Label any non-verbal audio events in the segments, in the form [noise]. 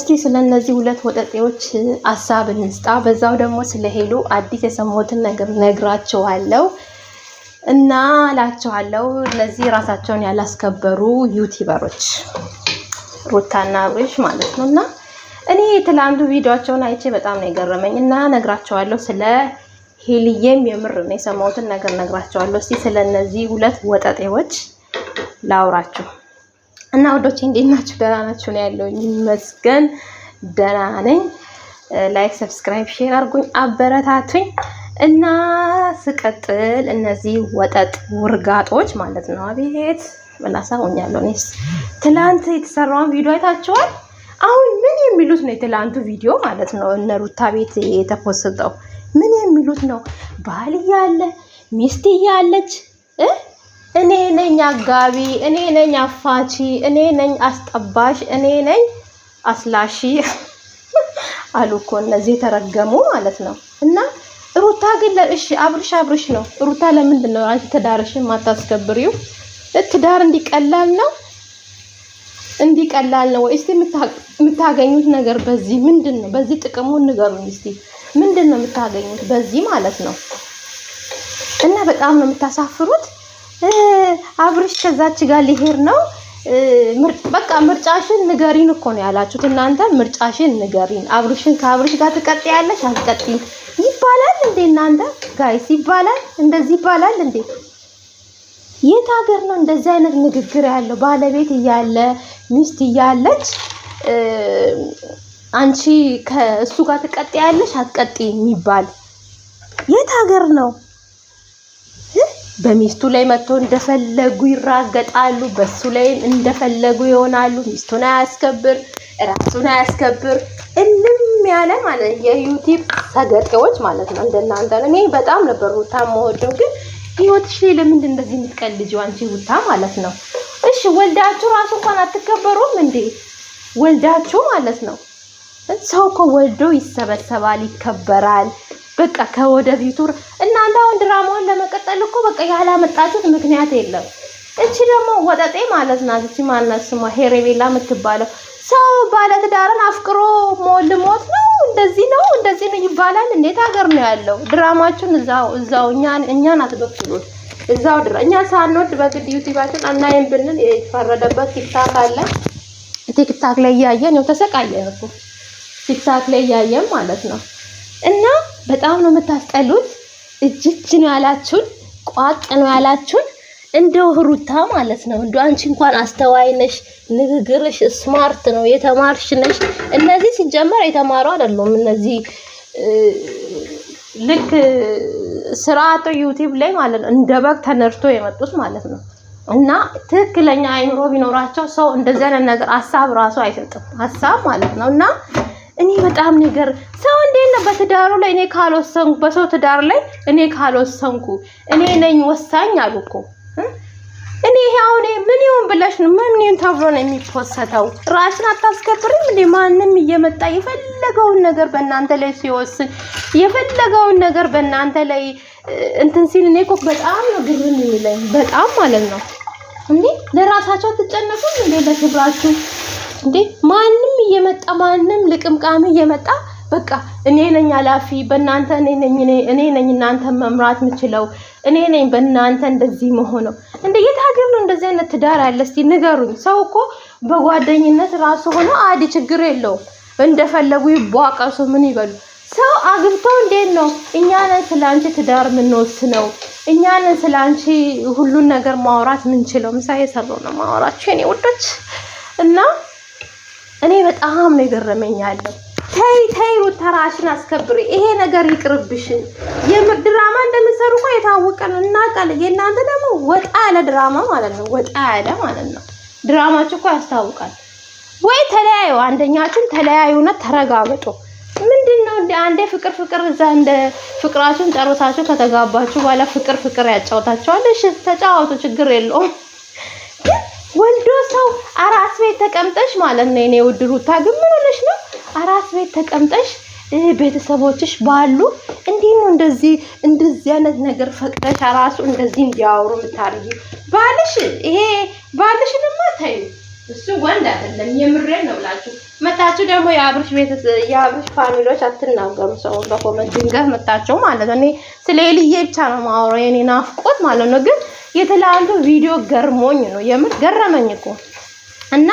እስኪ ስለ እነዚህ ሁለት ወጠጤዎች ሀሳብ እንስጣ። በዛው ደግሞ ስለ ሄሉ አዲስ የሰሞትን ነገር ነግራቸዋለሁ እና ላቸዋለሁ። እነዚህ ራሳቸውን ያላስከበሩ ዩቲበሮች ሩታና ሩሽ ማለት ነው። እና እኔ ትላንቱ ቪዲዮቸውን አይቼ በጣም ነው የገረመኝ እና ነግራቸዋለሁ ስለ ሄልዬም የምር ነው የሰማሁትን ነገር ነግራቸዋለሁ። እስቲ ስለ እነዚህ ሁለት ወጠጤዎች ላውራችሁ። እና ወዶቼ እንዴት ናችሁ? ደህና ናችሁ ነው ያለው። ይመስገን ደህና ነኝ። ላይክ፣ ሰብስክራይብ፣ ሼር አርጉኝ አበረታቱኝ። እና ስቀጥል እነዚህ ወጠጥ ውርጋጦች ማለት ነው። አቤት መላሳ እኔስ ትላንት የተሰራውን ቪዲዮ አይታችኋል። አሁን ምን የሚሉት ነው? የትላንቱ ቪዲዮ ማለት ነው እነ ሩታ ቤት የተፖስተው ምን የሚሉት ነው? ባል እያለ ሚስት እያለች እኔ ነኝ አጋቢ፣ እኔ ነኝ አፋቺ፣ እኔ ነኝ አስጠባሽ፣ እኔ ነኝ አስላሺ [laughs] አሉ እኮ እነዚህ የተረገሙ ማለት ነው። እና ሩታ ግን እሺ አብርሽ አብርሽ ነው። ሩታ ለምንድን ነው አንቺ ትዳርሽን ማታስከብሪው? ትዳር እንዲቀላል ነው እንዲቀላል ነው ወይ? እስቲ የምታገኙት ነገር በዚህ ምንድን ነው? በዚህ ጥቅሙ ንገሩኝ እስቲ። ምንድን ነው የምታገኙት በዚህ ማለት ነው? እና በጣም ነው የምታሳፍሩት። አብርሽ ከዛች ጋር ሊሄድ ነው በቃ ምርጫሽን ንገሪን እኮ ነው ያላችሁት እናንተ። ምርጫሽን ንገሪን፣ አብርሽን ከአብርሽ ጋር ትቀጥያለሽ አትቀጥይም ይባላል እንዴ? እናንተ ጋይስ ይባላል እንደዚህ ይባላል እንዴ? የት ሀገር ነው እንደዚህ አይነት ንግግር ያለው? ባለቤት እያለ ሚስት እያለች አንቺ ከእሱ ጋር ትቀጥያለሽ አትቀጥይም የሚባል የት ሀገር ነው? በሚስቱ ላይ መጥቶ እንደፈለጉ ይራገጣሉ፣ በሱ ላይም እንደፈለጉ ይሆናሉ። ሚስቱን አያስከብር፣ ራሱን አያስከብር፣ እልም ያለ ማለት የዩቲብ ሰገጤዎች ማለት ነው። እንደናንተ እኔ በጣም ነበር ሩታ መወደው፣ ግን ህይወትሽ ላይ ለምንድን እንደዚህ የምትቀልጂው አንቺ ሩታ ማለት ነው? እሺ ወልዳችሁ ራሱ እንኳን አትከበሩም እንዴ? ወልዳችሁ ማለት ነው። ሰው እኮ ወልዶ ይሰበሰባል፣ ይከበራል። በቃ ከወደፊቱ እናንተ አሁን ድራማውን ለመቀጠል እኮ በቃ ያላመጣችሁት ምክንያት የለም። እቺ ደግሞ ወጠጤ ማለት ናት። እቺ ማለት ስሟ ሄሬቤላ የምትባለው ሰው ባለትዳርን አፍቅሮ ሞል ሞት ነው። እንደዚህ ነው እንደዚህ ነው ይባላል። እንዴት ሀገር ነው ያለው? ድራማችን እዛው እዛው እኛን እኛን አትበክሉት። እዛው ድራ እኛ ሳንወድ በግድ ዩቲዩባችን አናይም ብንል የተፈረደበት ቲክታክ አለ። ቲክታክ ላይ እያየን ነው ተሰቃየን እኮ ቲክታክ ላይ እያየን ማለት ነው እና በጣም ነው የምታስጠሉት። እጅች ነው ያላችሁን፣ ቋቅ ነው ያላችሁን። እንደው ሩታ ማለት ነው እንደው አንቺ እንኳን አስተዋይ ነሽ፣ ንግግርሽ ስማርት ነው፣ የተማርሽ ነሽ። እነዚህ ሲጀመር የተማሩ አይደሉም። እነዚህ ልክ ስርዓቱ ዩቲዩብ ላይ ማለት ነው እንደ በግ ተነድቶ የመጡት ማለት ነው። እና ትክክለኛ አይምሮ ቢኖራቸው ሰው እንደዚህ አይነት ነገር ሀሳብ ራሱ አይሰጥም፣ ሀሳብ ማለት ነው እና እኔ በጣም ነገር ሰው እንዴት ነው በትዳሩ ላይ እኔ ካልወሰንኩ በሰው ትዳር ላይ እኔ ካልወሰንኩ እኔ ነኝ ወሳኝ አሉ እኮ እኔ ይሄ አሁን ምን ይሁን ብለሽ ነው ምን ተብሎ ነው የሚፖሰተው? ራስን አታስከብርም እንዴ? ማንም እየመጣ የፈለገውን ነገር በእናንተ ላይ ሲወስን የፈለገውን ነገር በእናንተ ላይ እንትን ሲል እኔ እኮ በጣም ነው ግርም የሚለኝ በጣም ማለት ነው። እንዴ ለራሳቸው አትጨነቁም እንዴ ለክብራችሁ እንዴ ማንም እየመጣ ማንም ልቅምቃም እየመጣ በቃ እኔ ነኝ ኃላፊ በእናንተ እኔ ነኝ እኔ ነኝ እናንተ መምራት የምችለው እኔ ነኝ በእናንተ እንደዚህ መሆነው። እንደ የት ሀገር ነው እንደዚህ አይነት ትዳር ያለ እስቲ ንገሩኝ። ሰው እኮ በጓደኝነት ራሱ ሆኖ አዲ ችግር የለውም እንደፈለጉ ይቧቀሱ ምን ይበሉ። ሰው አግብተው እንዴት ነው እኛ ነን ስለ አንቺ ትዳር የምንወስነው፣ እኛ ነን ስለ አንቺ ሁሉን ነገር ማውራት የምንችለው። ምሳ የሰራው ነው ማውራቸው የኔ ውዶች እና እኔ በጣም ነው የገረመኝ ያለው። ተይ ተይ ሩታ አስከብሪ፣ ይሄ ነገር ይቅርብሽ። የምር ድራማ እንደምትሰሩ እኮ የታወቀ ነው እናውቃለን። የእናንተ ደግሞ ወጣ ያለ ድራማ ማለት ነው፣ ወጣ ያለ ማለት ነው። ድራማችሁ እኮ ያስታውቃል። ወይ ተለያዩ፣ አንደኛችን ተለያዩና ተረጋግጡ። ምንድን ነው እንደ አንዴ ፍቅር ፍቅር እዛ እንደ ፍቅራችሁን ጨርሳችሁ ከተጋባችሁ በኋላ ፍቅር ፍቅር ያጫውታቸዋል። እሺ ተጫወቱ፣ ችግር የለውም። እንደው አራስ ቤት ተቀምጠሽ ማለት ነው እኔ ውድ ሩታ ግን ምን ሆነሽ ነው አራስ ቤት ተቀምጠሽ ቤተሰቦችሽ ባሉ እንዲህ ነው እንደዚህ እንደዚህ አይነት ነገር ፈቅደሽ ራሱ እንደዚህ እንዲያወሩ የምታርጊ ባልሽ ይሄ ባልሽንማ ተይው እሱ ወንድ አይደለም የምሬን ነው ብላችሁ መታችሁ ደግሞ የአብርሽ ቤት የአብርሽ ፋሚሊዎች አትናገሩ ሰው በኮመንት ድንገት መታቸው ማለት ነው እኔ ስለ ኤልዬ ብቻ ነው የማወራው የኔ ናፍቆት ማለት ነው ግን የትላንቱ ቪዲዮ ገርሞኝ ነው የምር ገረመኝ እኮ እና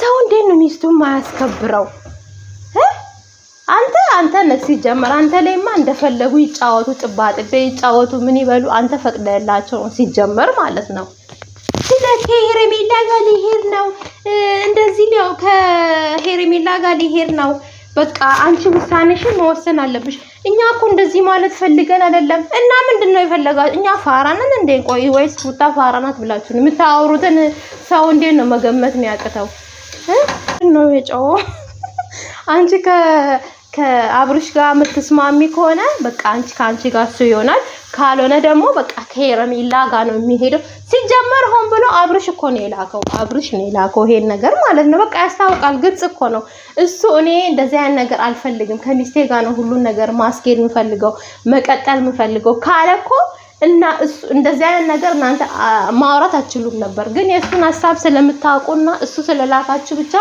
ሰው እንዴት ነው ሚስቱን ማያስከብረው? አንተ አንተ ነህ ሲጀመር አንተ ላይማ እንደፈለጉ ይጫወቱ፣ ጥባጥቤ ይጫወቱ፣ ምን ይበሉ፣ አንተ ፈቅደላቸው ሲጀመር ማለት ነው። ከሄሬሜላ ጋር ሊሄድ ነው እንደዚህ ነው፣ ከሄሬሜላ ጋር ሊሄድ ነው። በቃ አንቺ ውሳኔሽን መወሰን አለብሽ። እኛ እኮ እንደዚህ ማለት ፈልገን አይደለም። እና ምንድን ነው የፈለጋችሁ? እኛ ፋራንን እንዴ? ቆይ ወይስ ሩታ ፋራናት ብላችሁ ነው የምታወሩትን? ሰው እንዴት ነው መገመት የሚያቅተው ነው የጨው አንቺ ከ ከአብርሽ ጋር የምትስማሚ ከሆነ በቃ አንቺ ከአንቺ ጋር እሱ ይሆናል። ካልሆነ ደግሞ በቃ ከሄረሚላ ጋር ነው የሚሄደው። ሲጀመር ሆን ብሎ አብርሽ እኮ ነው የላከው፣ አብርሽ ነው የላከው ይሄን ነገር ማለት ነው። በቃ ያስታውቃል፣ ግልጽ እኮ ነው እሱ። እኔ እንደዚህ አይነት ነገር አልፈልግም፣ ከሚስቴ ጋር ነው ሁሉን ነገር ማስኬድ የምፈልገው፣ መቀጠል የምፈልገው ካለ እኮ እና እሱ እንደዚህ አይነት ነገር እናንተ ማውራት አትችሉም ነበር። ግን የእሱን ሀሳብ ስለምታውቁና እሱ ስለላካችሁ ብቻ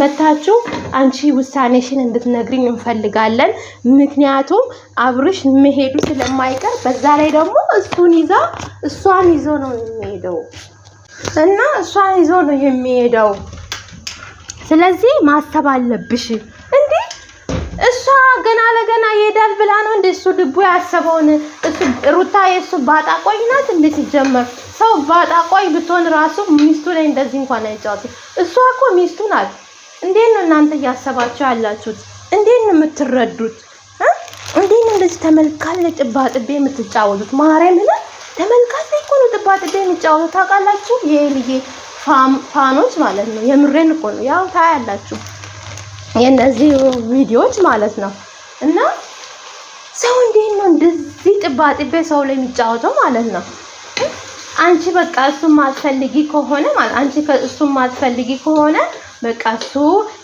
መታችሁ አንቺ ውሳኔሽን እንድትነግሪኝ እንፈልጋለን። ምክንያቱም አብርሽ መሄዱ ስለማይቀር በዛ ላይ ደግሞ እሱን ይዛ እሷን ይዞ ነው የሚሄደው እና እሷን ይዞ ነው የሚሄደው። ስለዚህ ማሰብ አለብሽ። እንዴ እሷ ገና ለገና ይሄዳል ብላ ነው እንደ እሱ ልቡ ያሰበውን እሱ ሩታ የእሱ ባጣ ቆይ ናት እንደ ሲጀመር ሰው ባጣ ቆይ ብትሆን ራሱ ሚስቱ ላይ እንደዚህ እንኳን አይጫወትም። እሷ እኮ ሚስቱ ናት። እንዴት ነው እናንተ እያሰባችሁ ያላችሁት? እንዴት ነው የምትረዱት? እንዴት ነው እንደዚህ ተመልካች ላይ ጥባጥቤ የምትጫወቱት? ማርያም ምን ተመልካች ላይ እኮ ነው ጥባጥቤ የሚጫወቱት። ታውቃላችሁ፣ የልዬ ፋኖች ማለት ነው። የምሬን እኮ ነው። ያው ታያላችሁ የእነዚህ ቪዲዮዎች ማለት ነው እና ሰው እንዴት ነው እንደዚህ ጥባጥቤ ሰው ላይ የሚጫወተው ማለት ነው። አንቺ በቃ እሱም ማትፈልጊ ከሆነ አንቺ ከእሱም ማትፈልጊ ከሆነ በቃ እሱ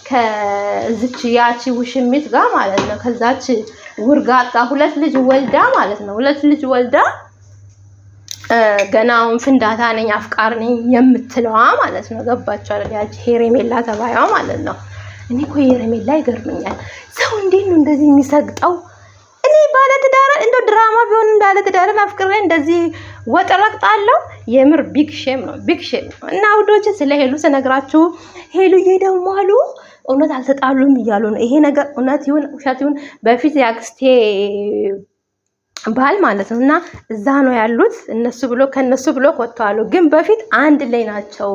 ከዚች ያቺ ውሽሚት ጋር ማለት ነው ከዛች ውርጋጣ ሁለት ልጅ ወልዳ ማለት ነው ሁለት ልጅ ወልዳ ገናውን ፍንዳታ ነኝ አፍቃር ነኝ የምትለዋ ማለት ነው። ገባችኋል? ያቺ ሄሬሜላ ተባያዋ ማለት ነው። እኔ እኮ ሄሬሜላ ይገርመኛል። ሰው እንዴት ነው እንደዚህ የሚሰግጠው? እኔ ባለትዳር እንደ ድራማ ቢሆንም ባለትዳርን አፍቅሬ እንደዚህ ወጥ ረግጣለሁ። የምር ቢግ ሼም ነው፣ ቢግ ሼም ነው። እና ውዶች ስለ ሄሉ ስነግራችሁ ሄሉዬ ደግሞ አሉ እውነት አልተጣሉም እያሉ ነው። ይሄ ነገር እውነት ይሁን ውሸት ይሁን በፊት የአክስቴ ባል ማለት ነው እና እዛ ነው ያሉት። እነሱ ብሎ ከነሱ ብሎ ወጥተዋሉ። ግን በፊት አንድ ላይ ናቸው።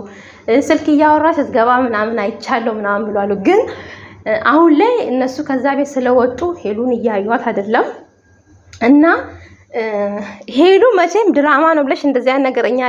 ስልክ እያወራች ስትገባ ምናምን አይቻለው ምናምን ብሏሉ። ግን አሁን ላይ እነሱ ከዛ ቤት ስለወጡ ሄሉን እያዩዋት አይደለም እና ሄሉ መቼም ድራማ ነው ብለሽ እንደዚያ ነገር እኛ